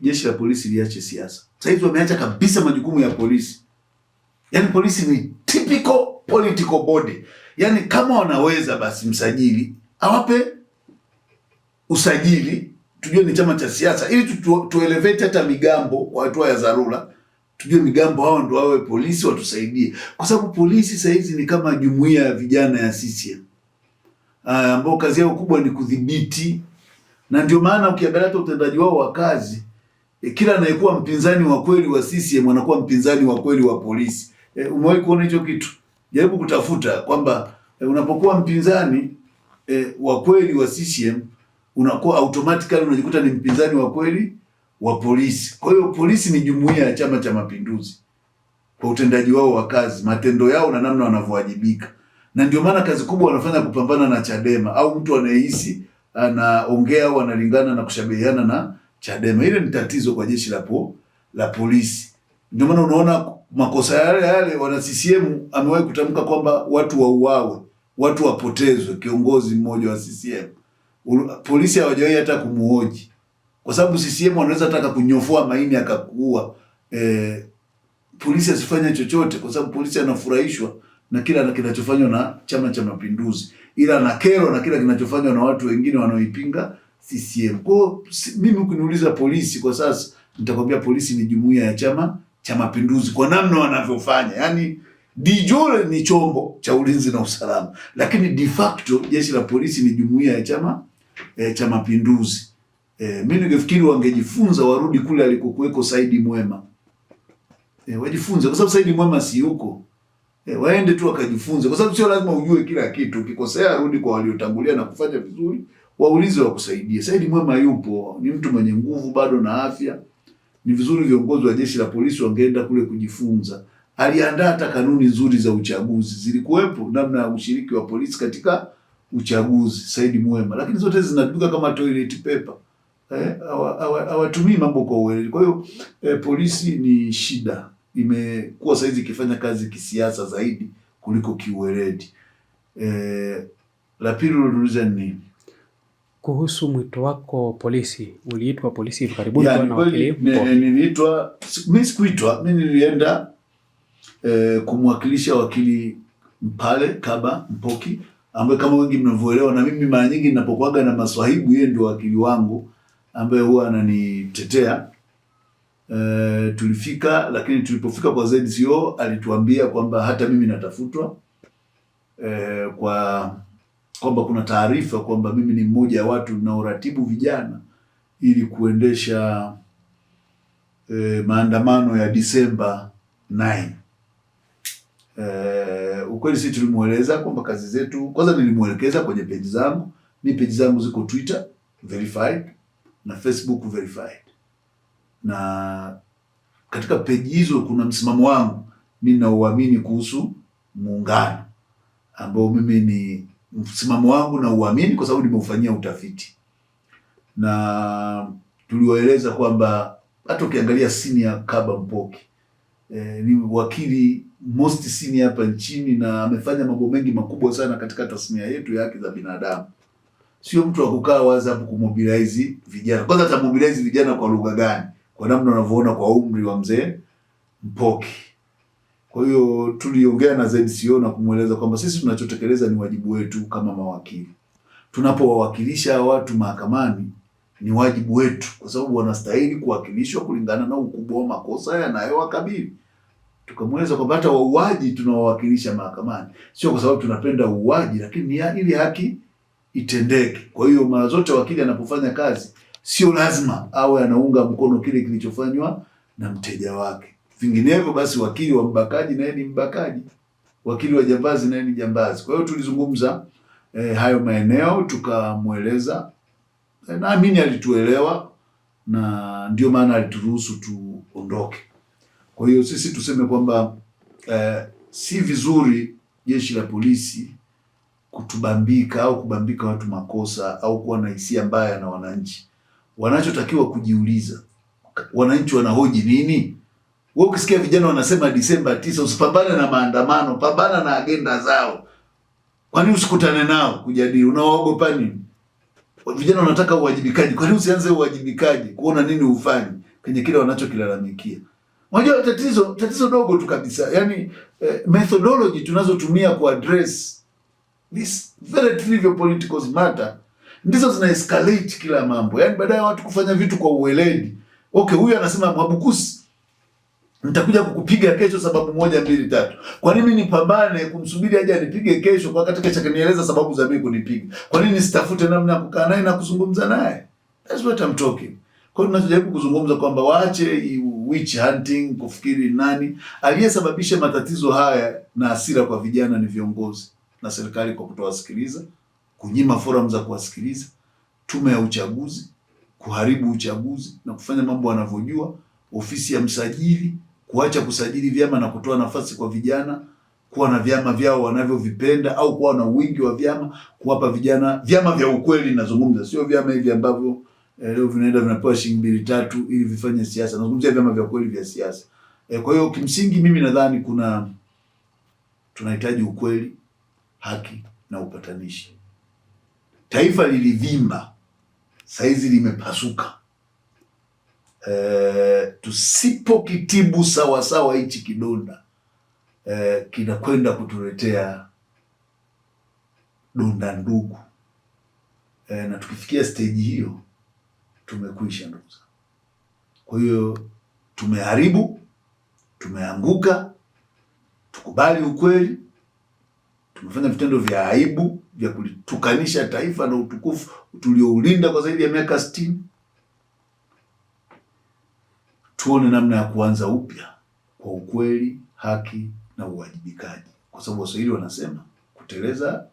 jeshi la polisi liache siasa. Sasa hivi wameacha kabisa majukumu ya polisi. Yaani polisi ni typical political body. Yaani kama wanaweza basi msajili awape usajili tujue ni chama cha siasa ili tu, elevate hata migambo kwa hatua ya dharura. Tujue migambo hao ndio wawe polisi watusaidie, kwa sababu polisi saa hizi ni kama jumuiya ya vijana ya CCM ah, ambao kazi yao kubwa ni kudhibiti, na ndio maana ukiangalia utendaji wao wa kazi e, kila anayekuwa mpinzani wa kweli wa CCM anakuwa mpinzani wa kweli wa polisi. E, umewahi kuona hicho kitu? Jaribu kutafuta kwamba e, unapokuwa mpinzani e, wa kweli wa CCM unakuwa automatically unajikuta ni mpinzani wa kweli wa polisi. Kwa hiyo polisi ni jumuiya ya Chama cha Mapinduzi kwa utendaji wao wa kazi, matendo yao na namna wanavyowajibika, na ndio maana kazi kubwa wanafanya kupambana na Chadema au mtu anayehisi anaongea au analingana na kushabihiana na Chadema. Ile ni tatizo kwa jeshi la po, la polisi. Ndio maana unaona makosa yale yale wana CCM amewahi kutamka kwamba watu wauawe, watu wapotezwe, kiongozi mmoja wa CCM. Polisi hawajawahi hata kumuhoji. Kwa sababu CCM wanaweza taka kunyofua maini akakuua. Eh, polisi asifanye chochote kwa sababu polisi anafurahishwa na kila kinachofanywa na Chama cha Mapinduzi, ila na kero na kila kinachofanywa na watu wengine wanaoipinga CCM. Kwa mimi ukiniuliza polisi kwa sasa, nitakwambia polisi ni jumuiya ya Chama cha Mapinduzi kwa namna wanavyofanya, yaani de ni chombo cha ulinzi na usalama, lakini de facto jeshi la polisi ni jumuiya ya Chama eh, cha Mapinduzi. Eh, mimi ningefikiri wangejifunza warudi kule alikokuweko Saidi Mwema. Eh, wajifunze kwa sababu Saidi Mwema si yuko. Eh, waende tu wakajifunze kwa sababu sio lazima ujue kila kitu. Ukikosea rudi kwa waliotangulia na kufanya vizuri waulize wakusaidie. Saidi Mwema yupo, ni mtu mwenye nguvu bado na afya. Ni vizuri viongozi wa jeshi la polisi wangeenda kule kujifunza. Aliandaa hata kanuni nzuri za uchaguzi, zilikuwepo namna ya ushiriki wa polisi katika uchaguzi, Saidi Mwema, lakini zote zinatumika kama toilet paper. Eh, hawatumii mambo kwa uweledi. Kwa hiyo eh, polisi ni shida, imekuwa saizi ikifanya kazi kisiasa zaidi kuliko kiuweledi. Eh, la pili uliuliza nini? kuhusu mwito wako polisi, uliitwa polisi hivi karibuni? Niliitwa, mimi sikuitwa, mimi nilienda eh, kumwakilisha wakili Mpale Kaba Mpoki ambaye kama wengi mnavyoelewa, na mimi mara nyingi ninapokuaga na maswahibu, yeye ndio wakili wangu ambaye huwa ananitetea. Eh, tulifika lakini tulipofika kwa ZCO alituambia kwamba hata mimi natafutwa eh, kwa kwamba kuna taarifa kwamba mimi ni mmoja wa watu naoratibu vijana ili kuendesha e, maandamano ya Disemba 9. E, ukweli sisi tulimweleza kwamba kazi zetu, kwanza nilimwelekeza kwenye peji zangu, ni peji zangu ziko Twitter verified na Facebook verified, na katika peji hizo kuna msimamo wangu mimi nauamini kuhusu muungano ambao mimi ni msimamo wangu na uamini kwa sababu nimeufanyia utafiti, na tuliwaeleza kwamba hata ukiangalia senior Kaba Mpoki e, eh, ni wakili most senior hapa nchini na amefanya mambo mengi makubwa sana katika tasnia yetu ya haki za binadamu. Sio mtu wa kukaa WhatsApp kumobilize vijana. Kwanza atamobilize vijana kwa lugha gani? Kwa namna unavyoona kwa umri wa mzee Mpoki. Kwa hiyo tuliongea na ZCO na kumweleza kwamba sisi tunachotekeleza ni wajibu wetu kama mawakili. Tunapowawakilisha watu mahakamani ni wajibu wetu, kwa sababu wanastahili kuwakilishwa kulingana na ukubwa wa makosa yanayowakabili. Tukamweleza kwamba hata wauaji tunawawakilisha mahakamani, sio kwa sababu tunapenda uuaji, lakini ni ili haki itendeke. Kwa hiyo mara zote wakili anapofanya kazi, sio lazima awe anaunga mkono kile kilichofanywa na mteja wake. Vinginevyo basi wakili wa mbakaji naye ni mbakaji, wakili wa jambazi naye ni jambazi. Kwa hiyo tulizungumza eh, hayo maeneo tukamweleza, eh, naamini alituelewa na ndio maana alituruhusu tuondoke. Kwa hiyo sisi tuseme kwamba eh, si vizuri jeshi la polisi kutubambika au kubambika watu makosa au kuwa na hisia mbaya na wananchi. Wanachotakiwa kujiuliza, wananchi wanahoji nini? Wewe ukisikia vijana wanasema Disemba 9 usipambane na maandamano, pambana na agenda zao. Kwa nini usikutane nao kujadili? Unaogopa nini? Vijana wanataka uwajibikaji. Kwa nini usianze uwajibikaji kuona nini ufanye kwenye kile wanachokilalamikia? Unajua tatizo tatizo dogo tu kabisa. Yaani eh, methodology tunazotumia ku address this very trivial political matter ndizo zina escalate kila mambo. Yaani baadaye watu kufanya vitu kwa uweledi. Okay, huyu anasema Mwabukusi nitakuja kukupiga kesho sababu moja mbili tatu. Kwa nini nipambane kumsubiri aje anipige kesho, kwa katika cha kanieleza sababu za mimi kunipiga? Kwa nini sitafute namna ya kukaa naye na kuzungumza naye? That's what I'm talking. Kwa hiyo tunajaribu kuzungumza kwamba waache witch hunting, kufikiri nani aliyesababisha matatizo haya na hasira kwa vijana ni viongozi na serikali kwa kutowasikiliza, kunyima forum za kuwasikiliza, tume ya uchaguzi kuharibu uchaguzi na kufanya mambo wanavyojua, ofisi ya msajili kuacha kusajili vyama na kutoa nafasi kwa vijana kuwa na vyama vyao wanavyovipenda au kuwa na wingi wa vyama, kuwapa vijana vyama vya ukweli. Nazungumza sio vyama hivi ambavyo eh, leo vinaenda vinapewa shilingi mbili tatu ili vifanye siasa. Nazungumzia vyama vya kweli vya siasa. Eh, kwa hiyo kimsingi mimi nadhani kuna tunahitaji ukweli, haki na upatanishi. Taifa lilivimba, saizi limepasuka eh, eh, tusipokitibu sawasawa hichi kidonda eh, kinakwenda kutuletea donda ndugu eh, na tukifikia steji hiyo tumekwisha ndugu zangu. Kwa hiyo tumeharibu, tumeanguka. Tukubali ukweli, tumefanya vitendo vya aibu vya kulitukanisha taifa na utukufu tulioulinda kwa zaidi ya miaka sitini tuone namna ya kuanza upya kwa ukweli, haki na uwajibikaji, kwa sababu Waswahili wanasema kuteleza